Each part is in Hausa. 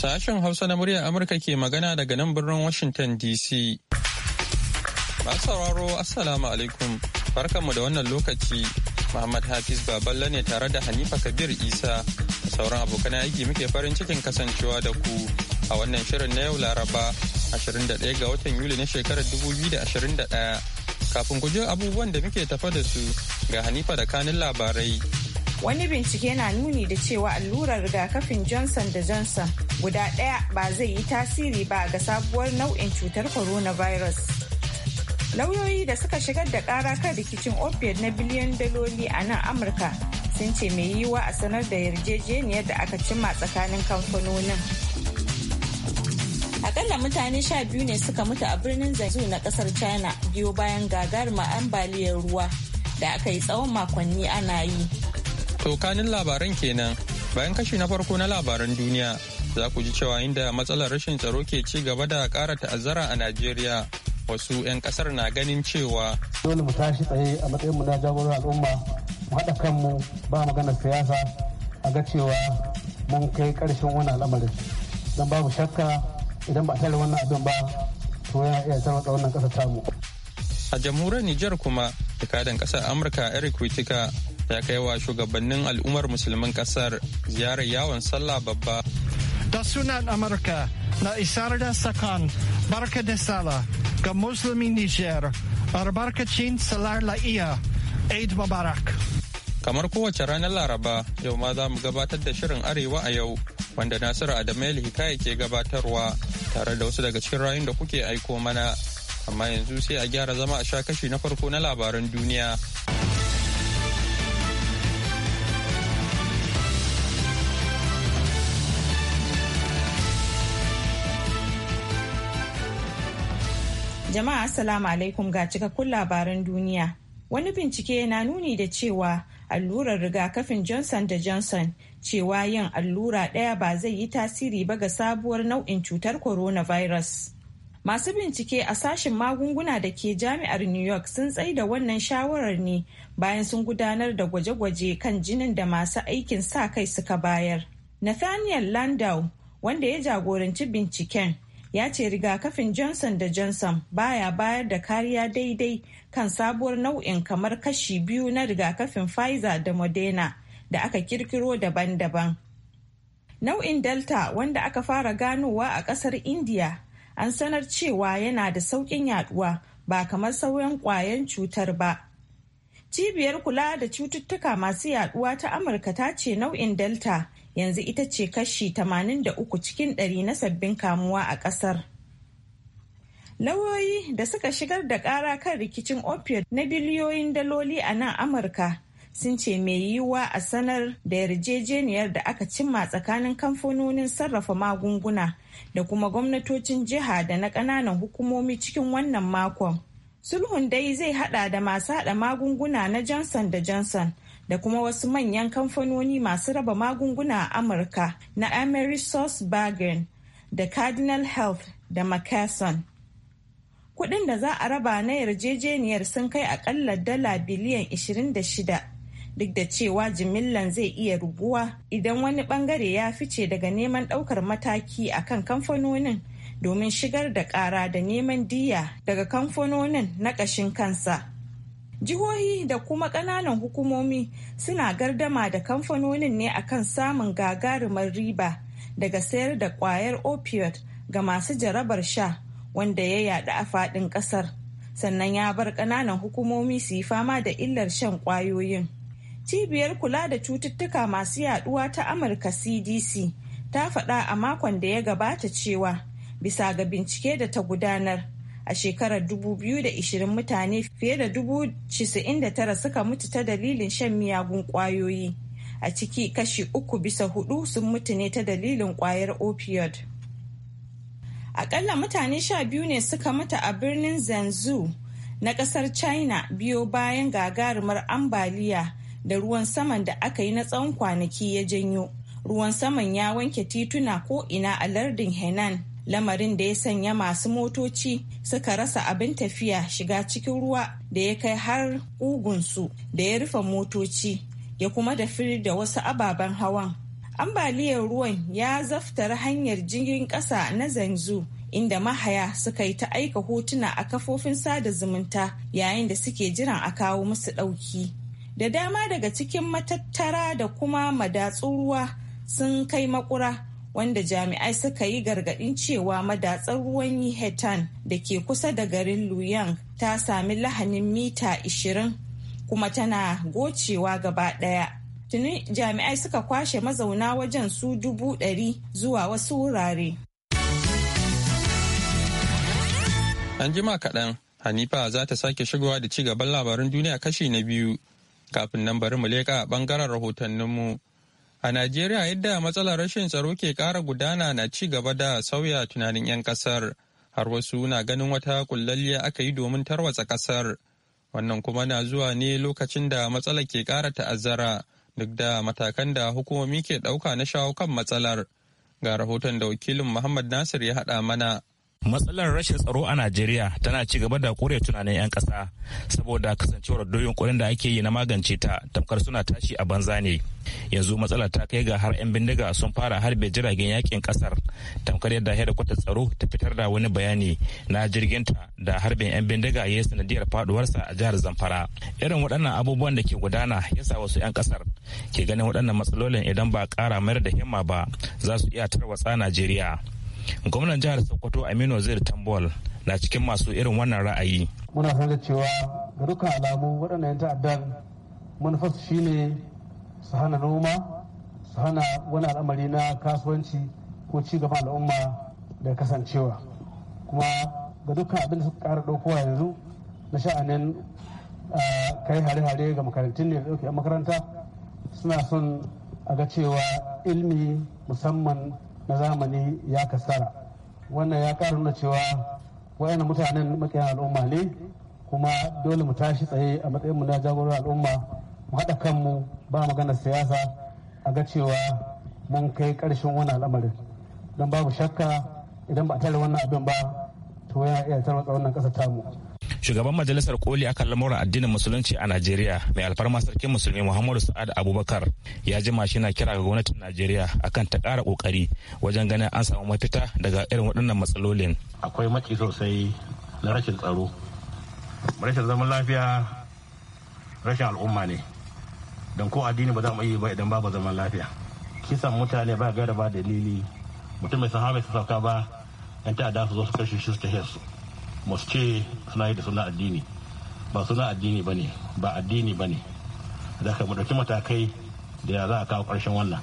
Sashen Hausa na muryar Amurka ke magana daga nan birnin Washington DC. Masu sauraro Assalamu alaikum. farkanmu da wannan lokaci. Muhammad Hafiz Baballa ne tare da Hanifa Kabir Isa da sauran abokan aiki muke farin cikin kasancewa da ku a wannan shirin na yau Laraba 21 ga watan Yuli na shekarar 2021. Kafin ku ji abubuwan da muke tafa da su ga Hanifa da kanin labarai. wani bincike na nuni da cewa allurar rigakafin johnson da johnson guda ɗaya ba zai yi tasiri ba ga sabuwar nau'in cutar coronavirus lauyoyi da suka shigar da kara kan rikicin opiate na biliyan daloli a nan amurka sun ce mai yiwuwa a sanar da yarjejeniyar da aka cimma tsakanin kamfanonin akalla mutane sha biyu ne suka mutu a birnin zanzu na kasar china biyo bayan gagarumar ambaliyar ruwa da aka yi tsawon makonni ana yi To kanin labaran kenan bayan kashi na farko na labaran duniya za ku ji cewa inda matsalar rashin tsaro ke ci gaba da kara ta'azzara a Najeriya wasu 'yan kasar na ganin cewa dole mu tashi tsaye a matsayin mu na jagorar al'umma mu haɗa kanmu ba magana siyasa a ga cewa mun kai ƙarshen wani al'amarin don mu shakka idan ba a tare wannan abin ba to yana iya tarwatsa wannan ƙasar tamu a jamhuriyar Nijar kuma jakadan ƙasar Amurka Eric Whitaker ya kai wa shugabannin al'ummar musulmin kasar ziyarar yawon sallah babba da sunan amurka na isar da sakan barka da sala ga musulmi niger albarkacin salar la'iya eid mubarak kamar kowace ranar laraba yau ma za mu gabatar da shirin arewa a yau wanda nasiru adamayel hikaya ke gabatarwa tare da wasu daga cikin rayun da kuke aiko mana amma yanzu sai a gyara zama a sha kashi na farko na labaran duniya Jama'a Assalamu alaikum ga cikakkun labaran duniya. Wani bincike na nuni da cewa allurar rigakafin Johnson da Johnson cewa yin allura ɗaya ba zai yi tasiri ba ga sabuwar nau'in cutar coronavirus. Masu bincike a sashen magunguna da ke jami'ar New York sun tsaida wannan shawarar ne bayan sun gudanar da gwaje-gwaje kan jinin da masu aikin sa kai suka bayar. Nathaniel Landau, wanda ya jagoranci binciken, ya ce rigakafin johnson da johnson baya bayar da kariya daidai kan sabuwar nau'in kamar kashi biyu na rigakafin pfizer da moderna da aka kirkiro daban-daban nau'in delta wanda aka fara ganowa a kasar india an sanar cewa yana da sauƙin yaduwa ba kamar sauran kwayan cutar ba cibiyar kula da cututtuka masu yaduwa ta amurka ta ce nau'in delta yanzu ita ce kashi 83 cikin ɗari na sabbin kamuwa a ƙasar. Lauyoyi da suka shigar da ƙara kan rikicin opioid na biliyoyin daloli a nan Amurka sun ce mai yiwuwa a sanar da yarjejeniyar da aka cimma tsakanin kamfanonin sarrafa magunguna da kuma gwamnatocin jiha da na ƙananan hukumomi cikin wannan makon. Sulhun dai zai hada da masu hada magunguna na Johnson da Johnson da kuma wasu manyan kamfanoni masu raba magunguna a Amurka na Amerisource Bargain da Cardinal Health da McKesson. Kuɗin da za a raba na yarjejeniyar sun kai akalla dala biliyan 26 duk da cewa jimillan zai iya ruguwa idan wani bangare ya fice daga neman ɗaukar mataki a kan kamfanonin domin shigar da ƙara da neman diya daga kamfanonin na ƙashin kansa. jihohi da kuma ƙananan hukumomi suna gardama da kamfanonin ne akan samun gagarumar riba daga sayar da ƙwayar opioid ga masu jarabar sha wanda ya yaɗu a faɗin ƙasar sannan ya bar ƙananan hukumomi su yi fama da illar shan ƙwayoyin cibiyar kula da cututtuka masu yaɗuwa ta amurka cdc ta faɗa a makon da ya gabata cewa bisa ga bincike da ta gudanar a shekarar 2020 mutane fiye da 99 suka mutu ta dalilin shan miyagun kwayoyi a ciki kashi uku bisa hudu sun mutu ne ta dalilin kwayar opioid akalla mutane sha biyu ne suka mutu a birnin zanzu na kasar china biyo bayan gagarumar ambaliya da ruwan saman da aka yi na tsawon kwanaki ya janyo ruwan saman ya wanke tituna ko ina a lardin henan lamarin da ya sanya masu motoci suka rasa abin tafiya shiga cikin ruwa da ya kai har ƙugunsu da ya rufe motoci ya kuma dafi da wasu ababen hawan ambaliyar ruwan ya zaftar hanyar jirgin ƙasa na zanzu inda mahaya suka yi ta aika hotuna a kafofin sada zumunta yayin da suke jiran a kawo musu ɗauki da dama daga cikin matattara da kuma madatsun ruwa sun kai makura wanda jami'ai suka yi gargaɗin cewa madatsar ruwan Hetan da ke kusa da garin Luyang ta sami lahanin mita 20 kuma tana gocewa gaba ɗaya. Tuni jami'ai suka kwashe mazauna wajen su dubu ɗari zuwa wasu wurare. An jima kaɗan, Hanifa za ta sake shigowa da ci gaban labarin duniya kashi na biyu. Kafin nan bari mu leƙa a ɓangaren rahotanninmu. A Najeriya yadda matsalar rashin tsaro ke kara gudana na ci gaba da sauya tunanin 'yan ƙasar, har wasu na ganin wata kullalliya aka yi domin tarwatsa ƙasar. Wannan kuma na zuwa ne lokacin da matsalar ke ƙara ta'azzara duk da matakan da hukumomi ke ɗauka na shawo kan matsalar. Ga rahoton da wakilin Muhammad Nasir ya haɗa mana. matsalar rashin tsaro a najeriya tana ci gaba da kore tunanin 'yan kasa saboda kasancewar doyin kuɗin da ake yi na magance ta tamkar suna tashi a banza ne yanzu matsalar ta kai ga har 'yan bindiga sun fara harbe jiragen yakin kasar tamkar yadda hedikwatar tsaro ta fitar da wani bayani na jirgin ta, da harbin 'yan bindiga ya yi sanadiyar faduwarsa a jihar zamfara irin waɗannan abubuwan da ke gudana ya sa wasu 'yan kasar ke ganin waɗannan matsalolin idan ba ƙara mayar da himma ba za su iya tarwatsa najeriya gwamnan jihar sokoto aminu zair tambol na cikin masu irin wannan ra'ayi muna da cewa ga duka alamu waɗannan 'yan ta'addan manufarsu shine su hana noma su hana wani al'amari na kasuwanci ko ci gaba al'umma da kasancewa kuma ga duka abin da suka ƙara ɗaukowa yanzu na sha'anin kai hare-hare ga makarantun ne da makaranta suna son a ga cewa ilmi musamman na zamani ya kasara wannan ya ƙara nuna cewa wa'yan mutanen makiyan al'umma ne kuma dole mu tashi tsaye a matsayin mu na jagorar al'umma mu haɗa kanmu ba maganar siyasa a ga cewa mun kai ƙarshen wannan al'amarin don babu shakka idan ba a tare wannan abin ba to yana iya tarwatsa wannan ƙasar tamu shugaban majalisar koli akan lamuran addinin musulunci a najeriya mai alfarma sarkin musulmi muhammadu sa'ad abubakar ya ji shi na kira ga gwamnatin najeriya akan ta ƙara kokari wajen ganin an samu mafita daga irin waɗannan matsalolin akwai maki sosai na rashin tsaro rashin zaman lafiya rashin al'umma ne don ko addini ba za mu yi ba idan babu zaman lafiya kisan mutane ba gaira ba dalili mutum mai sahaba su sauka ba yan ta'adda su zo su kashe shi su ta su mosque ana yi da suna addini ba suna addini ba ne ba addini ba ne da ka ɗauki matakai da ya za a kawo ƙarshen wannan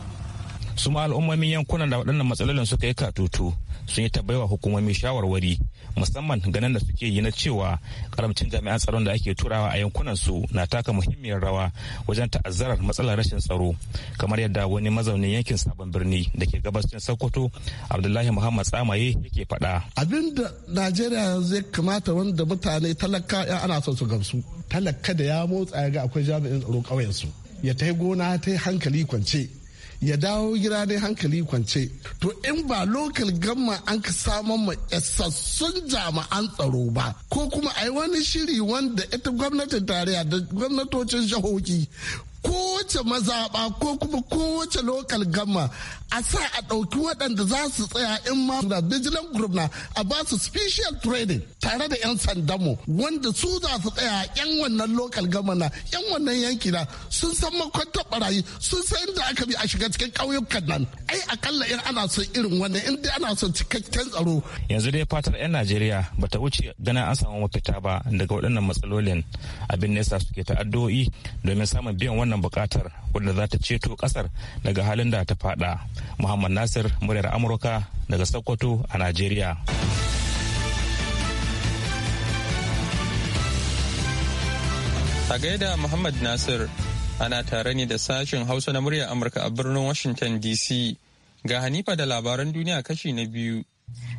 su ma al'ummomin yankunan da waɗannan matsalolin suka yi katutu sun yi ta baiwa hukumomi shawarwari musamman ganin da suke yi na cewa karamcin jami'an tsaron da ake turawa a yankunan su na taka muhimmiyar rawa wajen ta'azzarar matsalar rashin tsaro kamar yadda wani mazaunin yankin sabon birni da ke gabashin sokoto abdullahi muhammad tsamaye yake faɗa. abin da najeriya zai kamata wanda mutane talaka ya ana son su gamsu talaka da ya motsa ya ga akwai jami'in tsaro ƙauyensu ya ta gona ta hankali kwance ya dawo gida dai hankali kwance to in ba lokal gamma an ka samun ma isassun jami'an tsaro ba ko kuma a yi wani shiri wanda ita gwamnatin tarayya da gwamnatocin jihohi ko kowace mazaɓa ko kuma kowace lokal gama a sa a ɗauki waɗanda za su tsaya in ma da vigilant group na a ba su special training tare da 'yan sandamo wanda su za su tsaya 'yan wannan lokal gama na 'yan wannan yanki na sun san makwanta barayi sun san inda aka bi a shiga cikin ƙauyukan nan ai akalla in ana son irin wannan in dai ana son cikakken tsaro yanzu dai fatar 'yan najeriya ba ta wuce ganin an samu mafita ba daga waɗannan matsalolin abin nesa suke ta addu'o'i domin samun biyan wannan buƙatar. matar wadda za ta ceto kasar daga halin da ta fada. Muhammad Nasir muryar Amurka daga Sokoto a Najeriya. A gaida Muhammad Nasir ana tare ne da sashen Hausa na muryar Amurka a birnin Washington DC. Ga Hanifa da labaran duniya kashi na biyu.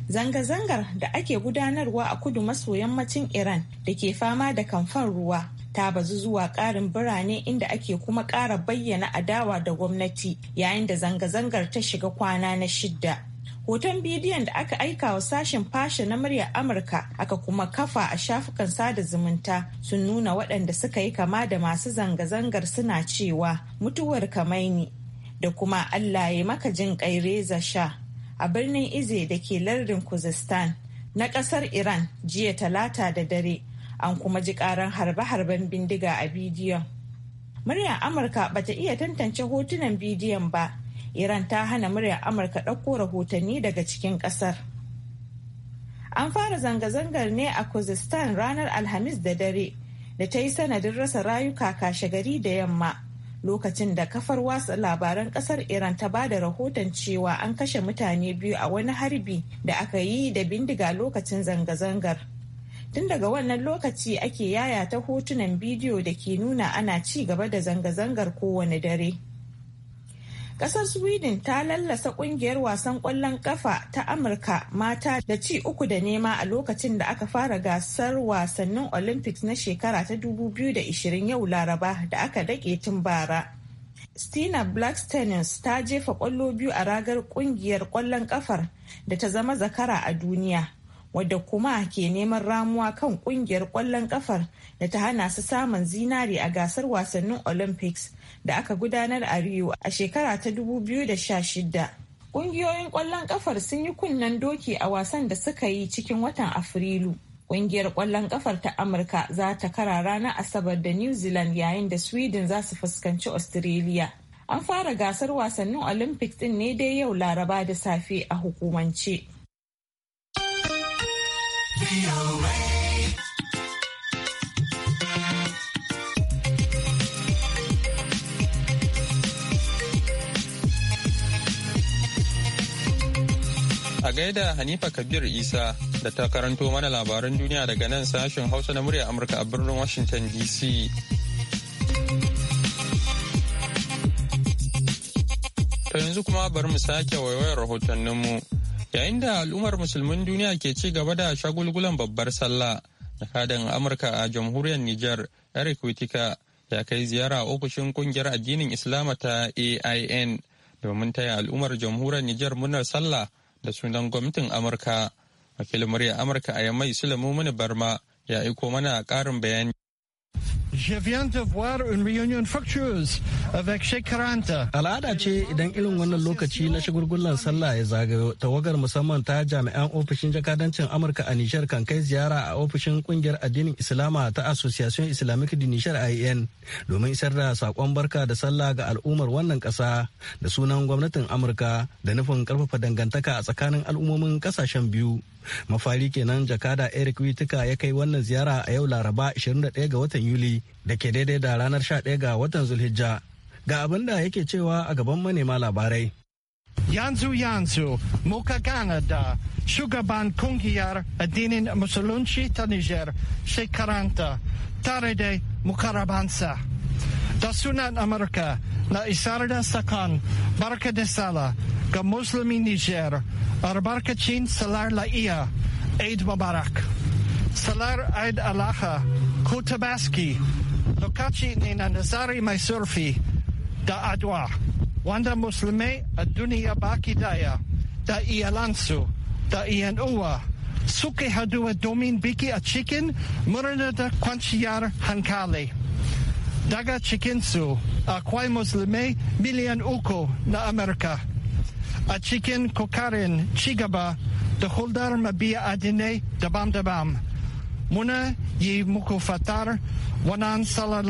Zanga-zangar da ake gudanarwa a kudu maso yammacin Iran da ke fama da kamfan ruwa ta bazu zuwa ƙarin birane inda ake kuma ƙara bayyana adawa da gwamnati yayin da zanga-zangar ta shiga kwana na shidda. Hoton bidiyon da aka aika wa sashen fasha na muryar Amurka aka kuma kafa a shafukan sada zumunta sun nuna waɗanda suka yi kama da masu zanga-zangar suna cewa mutuwar kamaini da kuma Allah ya maka jin kai reza sha a birnin Ize da ke lardin Kuzistan na ƙasar Iran jiya talata da dare an kuma ji karan harbe-harben bindiga a bidiyon muryar amurka ba ta iya tantance hotunan bidiyon ba iran ta hana muryar amurka ɗauko rahotanni daga cikin ƙasar an fara zanga-zangar ne a kuzistan ranar alhamis da dare da ta yi sanadin rasa rayuka kashe gari da yamma lokacin da kafar watsa labaran kasar iran ta ba da rahoton cewa an kashe mutane biyu a wani harbi da aka yi da bindiga lokacin zanga-zangar Tun daga wannan lokaci ake yaya ta hotunan bidiyo da ke nuna ana ci gaba da zanga-zangar kowane dare. Kasar Sweden ta lallasa kungiyar wasan ƙwallon ƙafa ta Amurka mata da ci uku da nema a lokacin da aka fara gasar wasannin Olympics na shekara ta 2020 yau Laraba da aka dake tun bara. Stina Blackstenius ta jefa ƙwallo biyu a ragar kungiyar ƙwallon ƙafar da ta zama zakara a duniya. wadda kuma ke neman ramuwa kan kungiyar kwallon kafar da ta hana su samun zinari a gasar wasannin olympics da aka gudanar a rio a shekara ta 2016 kungiyoyin kwallon kafar sun yi kunnen doki a wasan da suka yi cikin watan afrilu kungiyar kwallon kafar ta amurka za ta kara ranar asabar da new zealand yayin da sweden za su fuskanci australia an fara gasar wasannin olympics din ne dai yau laraba da safe a hukumance A gaida Hanifa Kabir Isa da ta karanto mana labaran duniya daga nan sashen Hausa na murya Amurka a birnin Washington DC. To yanzu kuma bari mu sake waiwayar rahotanninmu. yayin da al'ummar musulmin duniya ke ci gaba da shagulgulan babbar sallah jakadan amurka a jamhuriyar Nijar eric witika ya kai ziyara ofishin kungiyar addinin islama ta ain domin taya al'ummar jamhuriyar Nijar murnar sallah da sunan gwamnatin amurka wakilin murya amurka a yammai sulemu mini barma ya iko mana karin bayani Je viens de voir une réunion fructueuse avec 40. Al'ada ce idan irin wannan lokaci na shagulgullan sallah ya zagayo tawagar musamman ta jami'an ofishin jakadancin Amurka a nijar kan kai ziyara a ofishin kungiyar addinin Islama ta Association Islamic di Nijar IN domin isar da sakon barka da sallah ga al'ummar wannan kasa da sunan gwamnatin Amurka da nufin karfafa dangantaka a tsakanin al'ummomin kasashen biyu. Mafari kenan jakada Eric Witika ya kai wannan ziyara a yau Laraba 21 ga watan Yuli da ke daidai da ranar 11 ga watan Zulhijja ga abin da yake cewa a gaban manema labarai. Yanzu yanzu muka gana da shugaban kungiyar addinin musulunci ta Niger shekaranta tare da mukarabansa. Da sunan Amurka na isar da sakan barka da sala ga musulmi Niger barkacin salar la'iya Eid Mubarak. Salar Eid Alaha Kutabaski lokaci ne na nazari mai surfi da adwa wanda musulmai a duniya baki daya da iyalansu da iyan uwa suke haduwa domin biki a cikin murna da kwanciyar hankali daga cikinsu akwai musulmai miliyan uku na amurka a cikin kokarin cigaba da huldar mabiya adinai dabam-dabam muna yi muku fatar wannan salon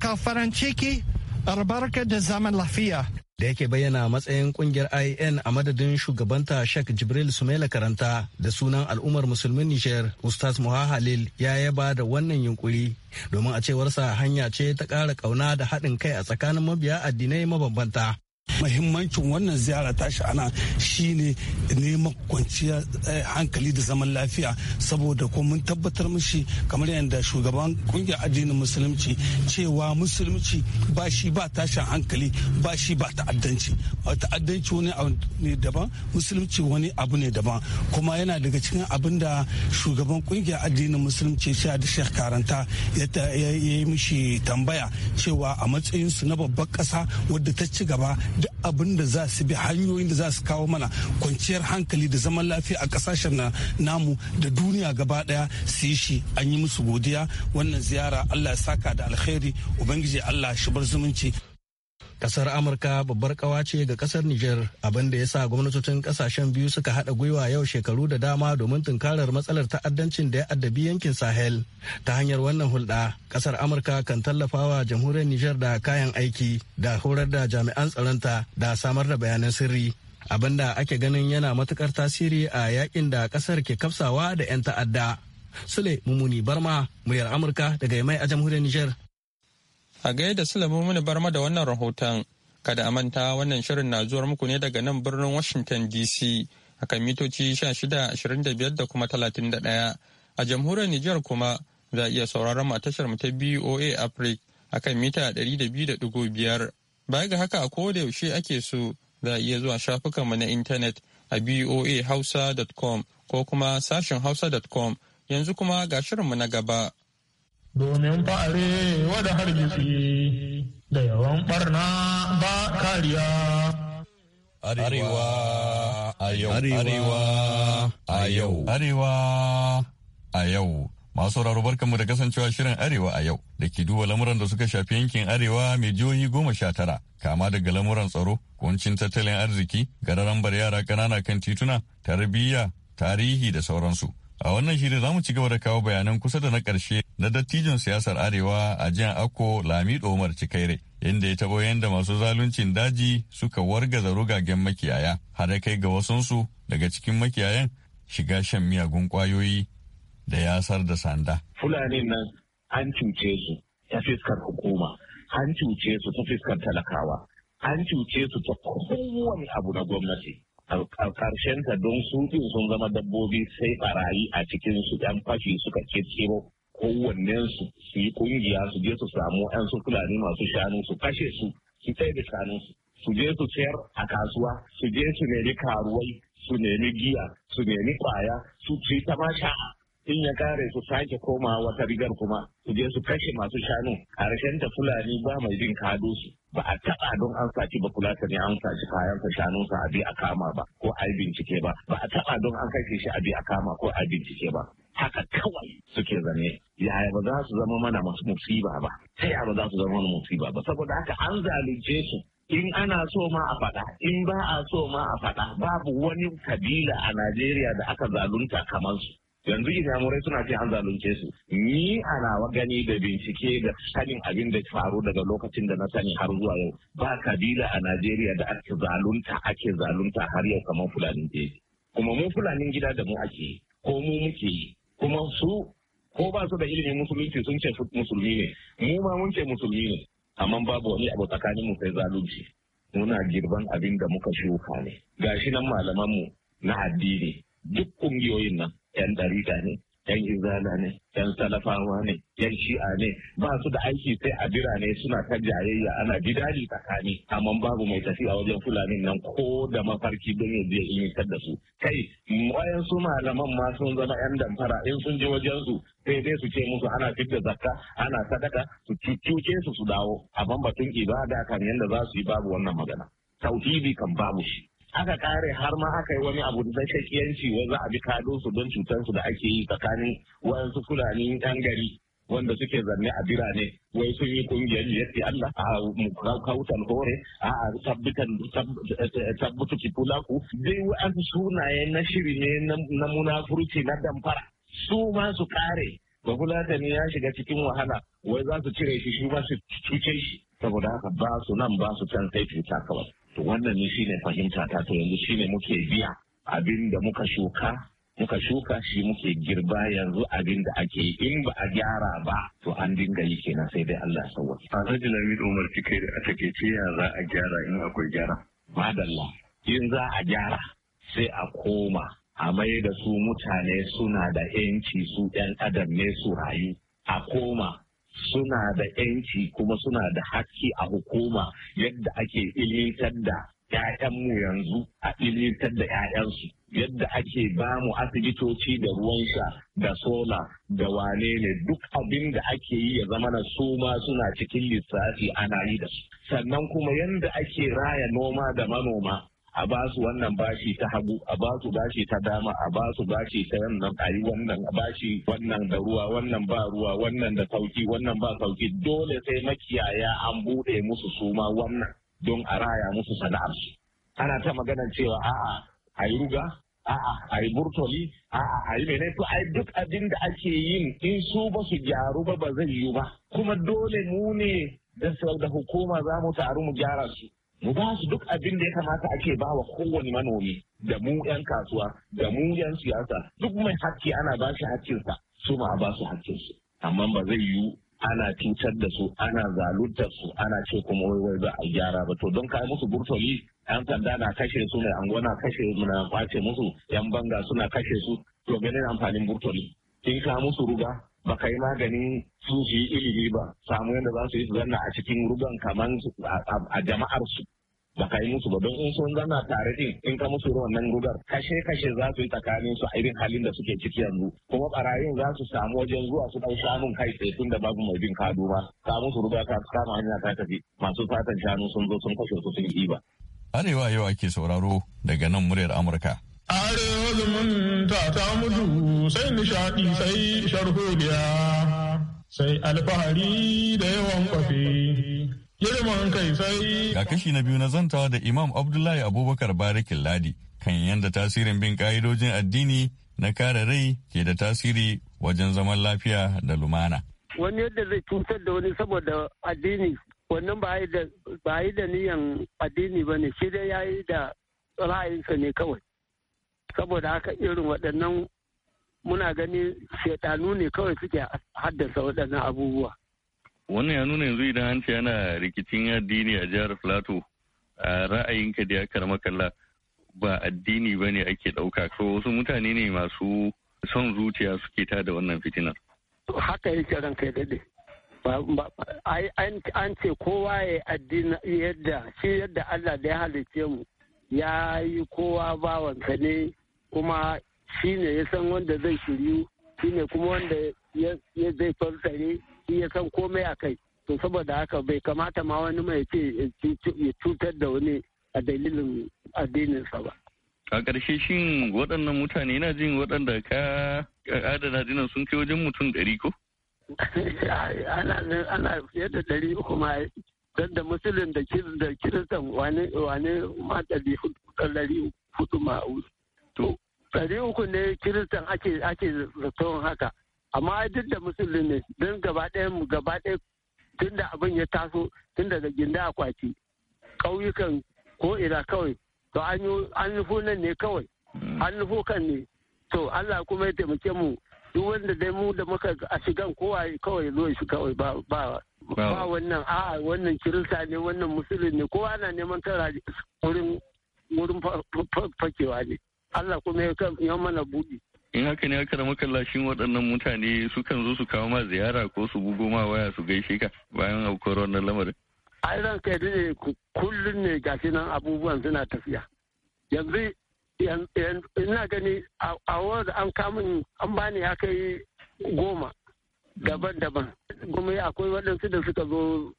ta farin ciki albarka da zaman lafiya da yake bayyana matsayin kungiyar IN a madadin shugabanta Sheikh Jibril Sumaila Karanta da sunan al'ummar musulmin Nijar Ustaz Muha Halil ya yaba da wannan yunkuri domin a cewarsa hanya ce ta ƙara ƙauna da haɗin kai a tsakanin mabiya addinai mabambanta. mahimmancin wannan ziyara tashi ana shine neman kwanciyar eh, hankali da zaman lafiya saboda ko mun tabbatar mishi kamar yadda shugaban kungiyar addinin musulunci cewa musulunci ba shi ba tashin hankali ba shi ba ta'addanci ta'addanci wani abu ne daban musulunci wani abu ne daban kuma yana daga cikin abin da shugaban kungiyar addinin musulunci shi da shek karanta ya yi mishi tambaya cewa a matsayinsu na babbar ƙasa wadda ta ci gaba duk abin da za su bi hanyoyin da za su kawo mana kwanciyar hankali da zaman lafiya a kasashen na namu da duniya gaba daya su yi shi an yi musu godiya wannan ziyara Allah ya saka da alkhairi ubangiji Allah shi bar zumunci Kasar Amurka babbar kawa ce ga kasar Nijar abinda ya sa gwamnatocin kasashen biyu suka haɗa gwiwa yau shekaru da dama domin tunkarar matsalar ta'addancin da ya addabi yankin Sahel. Ta hanyar wannan hulɗa, kasar Amurka kan tallafawa jamhuriyar Nijar da kayan aiki da horar da jami'an tsaronta da samar da bayanan sirri. Abinda ake ganin yana matukar tasiri a yakin da kasar ke kafsawa da 'yan ta'adda. Sule Mumuni Barma, muryar Amurka daga mai a jamhuriyar Nijar. A gaida Sulaimu mini barma da wannan rahoton. Kada a manta wannan shirin na zuwar muku ne daga nan birnin Washington DC akan mitoci 1625 da kuma 31. A jamhuriyar Nijar kuma za a iya sauraron mu tashar mu ta BOA Africa akan mita 200.5. Baya ga haka a koda yaushe ake so za a iya zuwa shafukanmu na intanet a boahausa.com ko kuma sashen hausa.com yanzu kuma ga shirinmu na gaba. domin fa'are wadda hargitsi da yawan barna ba kariya. Arewa a yau. Arewa a yau. Arewa Masu sauraro barkanmu da kasancewa shirin Arewa a yau da ke duba lamuran da suka shafi yankin Arewa mai jihohi goma sha tara kama daga lamuran tsaro, kuncin tattalin arziki, gararan bar yara ƙanana kan tituna, tarbiyya, tarihi da sauransu. A wannan shirin za mu ci gaba da kawo bayanan kusa da na ƙarshe na dattijon siyasar Arewa a jihar Akko Lamido Umar Cikaire, inda ya taɓo yadda masu zaluncin daji suka wargaza rugagen makiyaya, har ya kai ga wasunsu daga cikin makiyayan shiga shan miyagun kwayoyi da yasar da sanda. Fulani nan an cuce su ta fiskar hukuma, an cuce su ta fiskar talakawa, an cuce su ta kowane abu na gwamnati. a ta don su sun zama dabbobi sai barayi a cikin su ɗan fashi suka ce tsiro kowannen su su yi kungiya su je su samu yan su fulani masu shanu su kashe su su tsaye da shanu su je su sayar a kasuwa su je su nemi karuwai su nemi giya su nemi kwaya su ci ta masha in ya kare su sake koma wata rigar kuma su je su kashe masu shanu karshen ta fulani ba mai bin kado su ba a taba don an saki ba kula ne an saki kayan sa shanun sa a bi a kama ba ko a bincike ba ba a taba don an kashe shi a bi a kama ko a bincike ba haka kawai suke zane yaya ba za su zama mana masu musiba ba sai yaya ba za su zama mana musiba ba saboda haka an zalunce su in ana so ma a faɗa in ba a so ma a faɗa babu wani kabila a Najeriya da aka zalunta kamar su yanzu inyamurai suna ce an zalunce su ni a nawa gani da bincike da sanin abin da faru daga lokacin da na sani har zuwa yau ba kabila a najeriya da ake zalunta ake zalunta har yau kamar Fulani jeji kuma mu fulanin gida da mu ake ko mu muke yi kuma su ko ba su da ilimin musulunci sun ce musulmi ne mu ma mun ce musulmi ne amma babu wani abu tsakanin mu sai zalunci muna girban abin da muka shuka ne gashi nan malaman mu na addini duk kungiyoyin nan 'yan ɗariƙa ne yan izala ne yan salafawa ne yan shi'a ne ba su da aiki sai a birane suna ta jayayya ana gidali tsakani amma babu mai tafiya wajen fulani nan ko da mafarki don ya je in da su kai wayan su malaman ma sun zama yan damfara in sun je wajensu sai dai su ce musu ana fidda zakka ana sadaka su cuce su su dawo amma batun ibada kan yanda za su yi babu wannan magana tauhidi kan babu shi aka kare har ma aka yi wani abu da shakiyanci wanda a bi kado su don cutar su da ake yi tsakanin wasu fulani yan gari wanda suke zanne a birane wai sun yi kungiyar yadda Allah a kautan hore a tabbitan tabbutu kifulaku dai an sunaye na shiri ne na munafurci na damfara su ma su kare ba fulatani ya shiga cikin wahala wai za su cire shi shi ba su cuce shi saboda haka ba su nan ba su can sai cuta kawai to wannan ne shine fahimta ta to yanzu shine muke biya abin da muka shuka muka shuka shi muke girba yanzu abin da ake yi in ba a gyara ba to an dinga yi kenan sai dai Allah sauwa. Alhaji Lamid Umar aka ke ce ya za a gyara in akwai gyara. Madalla in za a gyara sai a koma a mai da su mutane suna da 'yanci su 'yan adam ne su rayu a koma suna da 'yanci kuma suna da haƙƙi a hukuma yadda ake ilitar da 'ya'yanmu yanzu a ilitar da 'ya'yansu yadda ake ba mu asibitoci da ruwansa da sola da wane ne duk abin da ake yi ya zama na su ma suna cikin lissafi ana yi da su sannan kuma yadda ake raya noma da manoma a ba su wannan bashi ta hagu a ba su bashi ta dama a ba su bashi ta yamma a yi wannan bashi wannan da ruwa wannan ba ruwa wannan da sauki wannan ba sauki dole sai makiyaya an bude musu suma wannan don a raya musu su ana ta maganar cewa a'a a yi ruga a'a a yi burtoli a'a a yi mene to ai duk abin da ake yin in su ba su gyaru ba ba zai yi ba kuma dole mu ne da da hukuma za mu taru mu gyara su mu ba su duk abin da ya kamata ake ba wa kowane manomi da mu 'yan kasuwa da mu 'yan siyasa duk mai hakki ana ba shi hakkinsa su ma ba su hakkinsu amma ba zai yiwu ana cutar da su ana zaluntar su ana ce kuma wai wai ba a gyara ba to don kai musu burtoli yan sanda na kashe su mai angona kashe na kwace musu yan banga suna kashe su to ganin amfanin burtoli kin ka musu ruga baka yi maganin sun su yi ilimi ba samu yadda za su yi su zanna a cikin rugan kaman a jama'ar su baka yi musu ba don in sun zanna tare din in ka musu ruwan nan rugar kashe kashe za su yi tsakanin su a irin halin da suke ciki yanzu kuma barayin za su samu wajen zuwa su dau samun kai sai tun da babu mai bin kado ba ka musu ruga ka kama hanya ta tafi masu fatan shanu sun zo sun kashe su sun yi ba arewa yau ake sauraro daga nan muryar amurka Arewa zumunta ta mutu sai nishaɗi sai sharholiya sai alfahari da yawan kwafe. Girman kai sai. Ga kashi na biyu na zantawa da Imam Abdullahi Abubakar Barikin Ladi kan yanda tasirin bin ƙa'idojin addini na kare rai ke da tasiri wajen zaman lafiya da lumana. Wani yadda zai cutar da wani saboda addini wannan ba yi da niyan addini ba ne shi dai ya yi da ra'ayinsa ne kawai. saboda haka irin waɗannan muna gani shaidanu ne kawai suke haddasa waɗannan abubuwa wannan ya nuna yanzu idan an ce rikicin addini a jihar Filato a ra'ayinka da ya karma kalla ba addini ba ne ake ɗauka ko wasu mutane ne masu son zuciya suke ta da wannan fitinar. haka yake ran kai daɗe an ce kowa ya addini yadda shi yadda allah da ya halicce mu ya yi kowa bawansa ne kuma shi ne ya san wanda zai shiryu shi ne kuma wanda ya zai fansare shi ya san komai a kai to saboda haka bai kamata ma wani mai ce ya cutar da wani a dalilin addininsa ba a ƙarshe shin waɗannan mutane na jin waɗanda ka adana dinan sun kai wajen mutum ɗari ko? ana fiye da ɗari uku ma don da musulun da kiristan wane ma ɗari hudu ma to ɗari uku ne kiristan ake ake zaton haka amma duk da musulun ne don gaba ɗaya mu gaba ɗaya tun da abin ya taso tun daga ginda akwati ƙauyukan ko ina kawai to an yi nufo nan ne kawai hmm. an nufo kan ne to Allah kuma ya taimake mu duk wanda dai mu da muka a shigan kowa kawai zuwa shi kawai ba ba ba wannan a'a wannan kirista ne wannan musulun ne kowa na neman tara wurin wurin fakewa ne Allah kuma ya mana buɗi. in haka ne aka da makallashin waɗannan mutane sukan zo su kawo ma ziyara ko su bugo ma waya su gaishe ka bayan aukuwar wannan lamarin. ai ran kai da kullum ne gashi nan abubuwan suna tafiya yanzu ina gani a wanda an kamun an bani ya kai goma daban-daban kuma akwai waɗansu da suka zo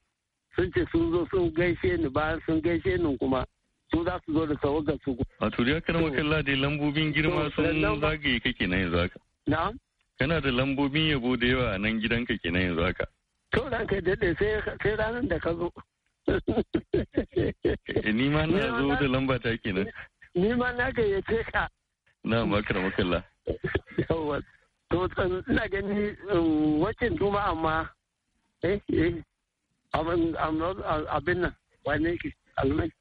sun ce sun zo sun gaishe ni ba sun gaishe ni kuma su za su zo da tawagar su. A turi haka na makalla da lambobin girma sun zagaye kake na yanzu haka. Na? Kana da lambobin yabo da yawa a nan gidanka na yanzu haka. To da kai daɗe sai ranar da ka zo. Eh, ni ma na zo da lamba ta kenan. Ni ma na gayyace ka. Na makar makalla. Yawwa. To ina gani um, wacin tuma amma. Eh eh. Abin nan. Almai.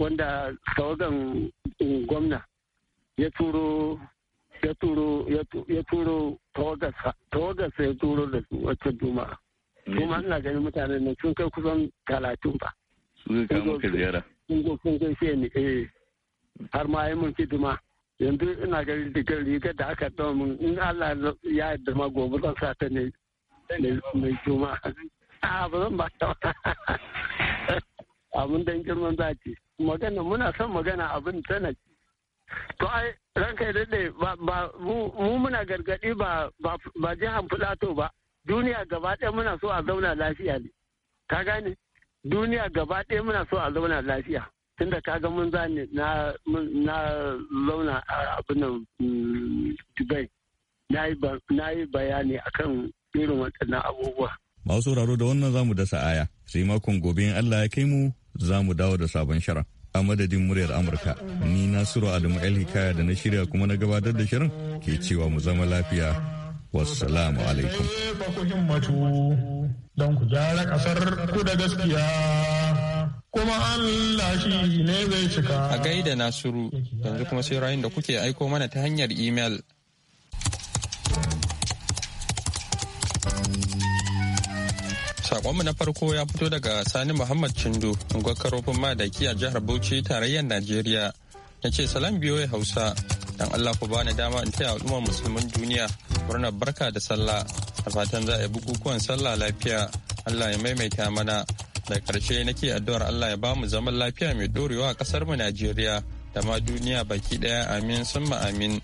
wanda tawagan mm, gwamna ya turo ya turo ya turo tawagarsa ya turo da wata wacce kuma ina ganin mutane nan sun kai kusan talatin ba sun zo sun go sun gaishe ni eh har ma yi mun hidima yanzu ina ganin digar rigar da aka dawo mun in Allah ya yarda ma gobe zan sa ta ne mai juma'a a ah, ba zan ba ta abin za girman ce magana muna son magana abin tana to ai ranka ya daɗe ba mu muna gargaɗi ba jihan jihar filato ba duniya gaba ɗaya muna so a zauna lafiya ne ka gane duniya gaba ɗaya muna so a zauna lafiya tunda kaga mun ne na zauna a abin mm, dubai na yi bayani akan irin waɗannan abubuwa. Masu sauraro da wannan zamu dasa aya sai makon gobe in Allah ya kai mu za mu dawo da sabon shirin. A madadin muryar Amurka, ni Nasiru Adamu El Hikaya da na shirya kuma na gabatar da shirin ke cewa mu zama lafiya. Wassalamu alaikum. Don ku gyara ƙasar ku da gaskiya. kuma Allah shi ne zai cika. A gaida Nasiru, yanzu kuma sai rayun da kuke aiko mana ta hanyar imel. Sakonmu na farko ya fito daga Sani Muhammad Chindo, gwakarofin madaki a jihar Bauchi tarayyar Najeriya. Ya ce salam biyo Hausa, dan Allah ku bani dama in taya al'ummar musulmin duniya murnar barka da sallah da fatan za a yi bukukuwan sallah lafiya Allah ya maimaita mana da karshe nake addu'ar Allah ya bamu zaman lafiya mai dorewa a kasar mu Najeriya da ma duniya baki ɗaya amin sun amin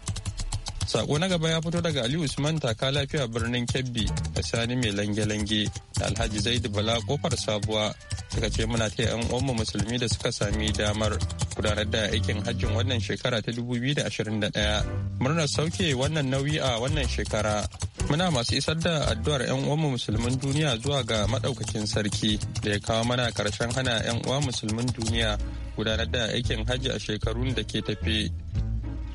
Sako na gaba ya fito daga ali Usman taka lafiya birnin Kebbi da Sani mai lange-lange da Alhaji Zaidu Bala kofar sabuwa suka ce muna ta yan uwanmu musulmi da suka sami damar gudanar da aikin hajjin wannan shekara ta 2021 murnar sauke wannan nauyi a wannan shekara muna masu isar da addu'ar yan uwanmu musulmin duniya zuwa ga madaukakin sarki da ya kawo mana karshen hana yan uwa musulmin duniya gudanar da aikin hajji a shekarun da ke tafe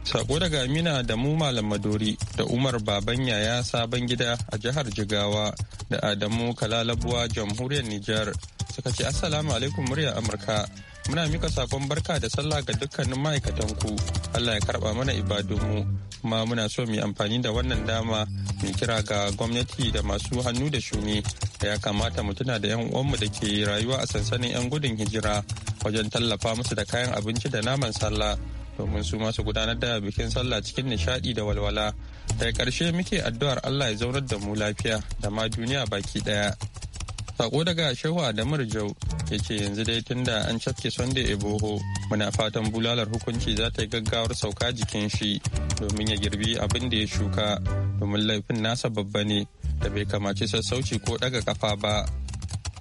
Sako daga Amina da mu Malam Madori da Umar Baban Yaya Sabon Gida a jihar Jigawa da Adamu Kalalabuwa Jamhuriyar Nijar suka ce Assalamu alaikum murya Amurka. Muna mika sakon barka da sallah ga dukkanin maaikatan ku Allah ya karba mana ibadunmu. Kuma muna so mu amfani da wannan dama mu kira ga gwamnati da masu hannu da shuni da ya kamata mu tuna da 'yan uwanmu da ke rayuwa a sansanin 'yan gudun hijira wajen tallafa musu da kayan abinci da naman sallah. domin su masu gudanar da bikin sallah cikin nishadi da walwala daga karshe muke addu'ar allah ya zaunar da mu lafiya da ma duniya baki ɗaya sako daga shehu adamu jau ya ce yanzu dai tun da an cafke sunday eboho muna fatan bulalar hukunci za ta yi gaggawar sauka jikin shi domin ya girbi abin da ya shuka domin laifin nasa babba ne da bai kamaci sassauci ko daga kafa ba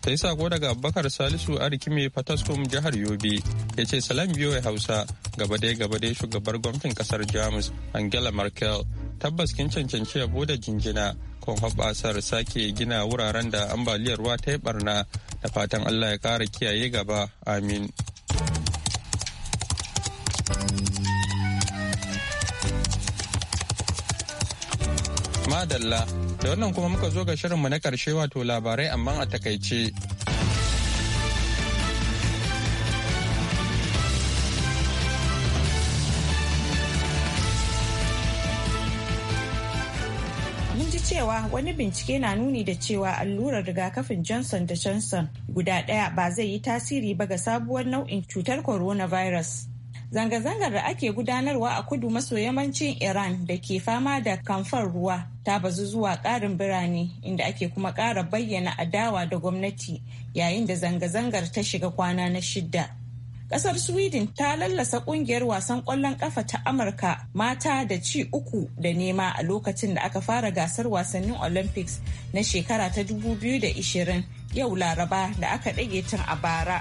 sai sako daga abubakar salisu arikime fataskum jihar yobe ya ce salam biyo hausa gaba dai gaba dai shugabar gwamnatin kasar jamus angela merkel tabbas kin cancanci ya bude jinjina kan hoɓasar sake gina wuraren da ambaliyar ruwa ta yi barna da fatan allah ya ƙara kiyaye gaba amin madalla da wannan kuma muka zo ga shirinmu na ƙarshe wato labarai amma a takaice cewa wani bincike na nuni da cewa allurar rigakafin Johnson da Johnson guda ɗaya ba zai yi tasiri ba ga sabuwar nau'in cutar coronavirus. Zanga-zangar da ake gudanarwa a kudu maso yammacin Iran da ke fama da kamfan ruwa ta bazu zuwa ƙarin birane inda ake kuma ƙara bayyana adawa da gwamnati yayin da zanga-zangar ta shiga kwana na shidda. Kasar Sweden ta lallasa kungiyar wasan kwallon kafa ta Amurka mata da ci uku da nema a lokacin da aka fara gasar wasannin Olympics na shekara ta 2020 yau Laraba da aka ɗage tun a bara.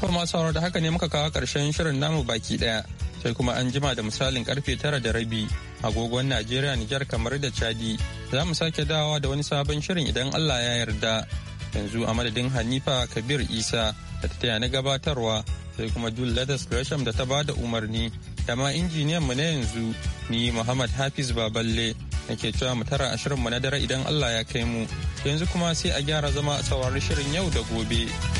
Kuma sauran da haka ne muka kawo ƙarshen shirin namu baki daya sai kuma an jima da misalin karfe tara da rabi agogon najeriya nijar kamar da chadi za mu sake dawowa da wani sabon shirin idan allah ya yarda yanzu a madadin hanifa kabir isa da ta taya na gabatarwa sai kuma jul ladas gresham da ta ba da umarni da ma injiniyan mu na yanzu ni muhammad hafiz baballe nake cewa mu tara ashirin mu na dare idan allah ya kai mu yanzu kuma sai a gyara zama a shirin yau da gobe.